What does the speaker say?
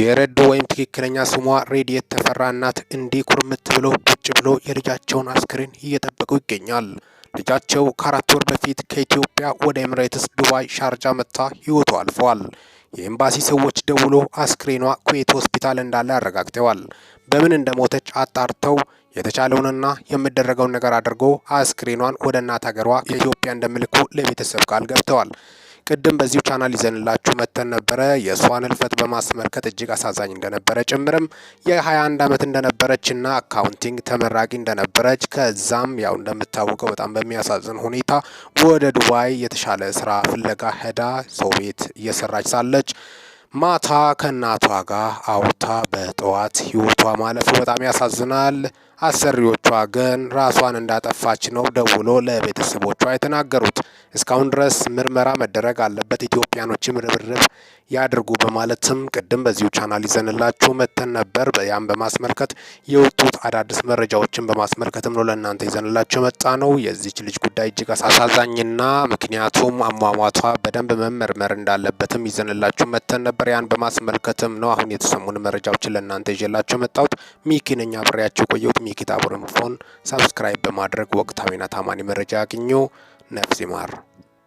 የረዱ ወይም ትክክለኛ ስሟ ሬዲየት ተፈራ እናት እንዲህ ኩርምት ብለው ቁጭ ብሎ የልጃቸውን አስክሬን እየጠበቁ ይገኛል። ልጃቸው ከአራት ወር በፊት ከኢትዮጵያ ወደ ኤምሬትስ ዱባይ ሻርጃ መጥታ ህይወቱ አልፏል። የኤምባሲ ሰዎች ደውሎ አስክሬኗ ኩዌት ሆስፒታል እንዳለ አረጋግጠዋል። በምን እንደሞተች አጣርተው የተቻለውንና የሚደረገውን ነገር አድርጎ አስክሬኗን ወደ እናት ሀገሯ ከኢትዮጵያ እንደሚልኩ ለቤተሰብ ቃል ገብተዋል። ቅድም በዚሁ ቻናል ይዘንላችሁ መተን ነበረ። የእሷን ህልፈት በማስመልከት እጅግ አሳዛኝ እንደነበረ ጭምርም የ21 ዓመት እንደነበረች ና አካውንቲንግ ተመራቂ እንደነበረች ከዛም ያው እንደምታወቀው በጣም በሚያሳዝን ሁኔታ ወደ ዱባይ የተሻለ ስራ ፍለጋ ሄዳ ሰው ቤት እየሰራች ሳለች ማታ ከእናቷ ጋር አውታ በጠዋት ህይወቷ ማለፉ በጣም ያሳዝናል። አሰሪዎቿ ግን ራሷን እንዳጠፋች ነው ደውሎ ለቤተሰቦቿ የተናገሩት። እስካሁን ድረስ ምርመራ መደረግ አለበት፣ ኢትዮጵያኖችም ርብርብ ያድርጉ በማለትም ቅድም በዚሁ ቻናል ይዘንላችሁ መተን ነበር። ያም በማስመልከት የወጡት አዳዲስ መረጃዎችን በማስመልከትም ነው ለእናንተ ይዘንላችሁ የመጣ ነው። የዚች ልጅ ጉዳይ እጅግ አሳዛኝና ምክንያቱም አሟሟቷ በደንብ መመርመር እንዳለበትም ይዘንላችሁ መተን ነበር። ማዳበሪያን በማስመልከትም ነው አሁን የተሰሙን መረጃዎችን ለእናንተ ይዤላቸው መጣሁት። ሚኪ ነኝ አብሬያቸው ቆየሁት። ሚኪ ታቦርን ሳብስክራይብ በማድረግ ወቅታዊና ታማኒ መረጃ ያግኙ። ነፍስ ይማር።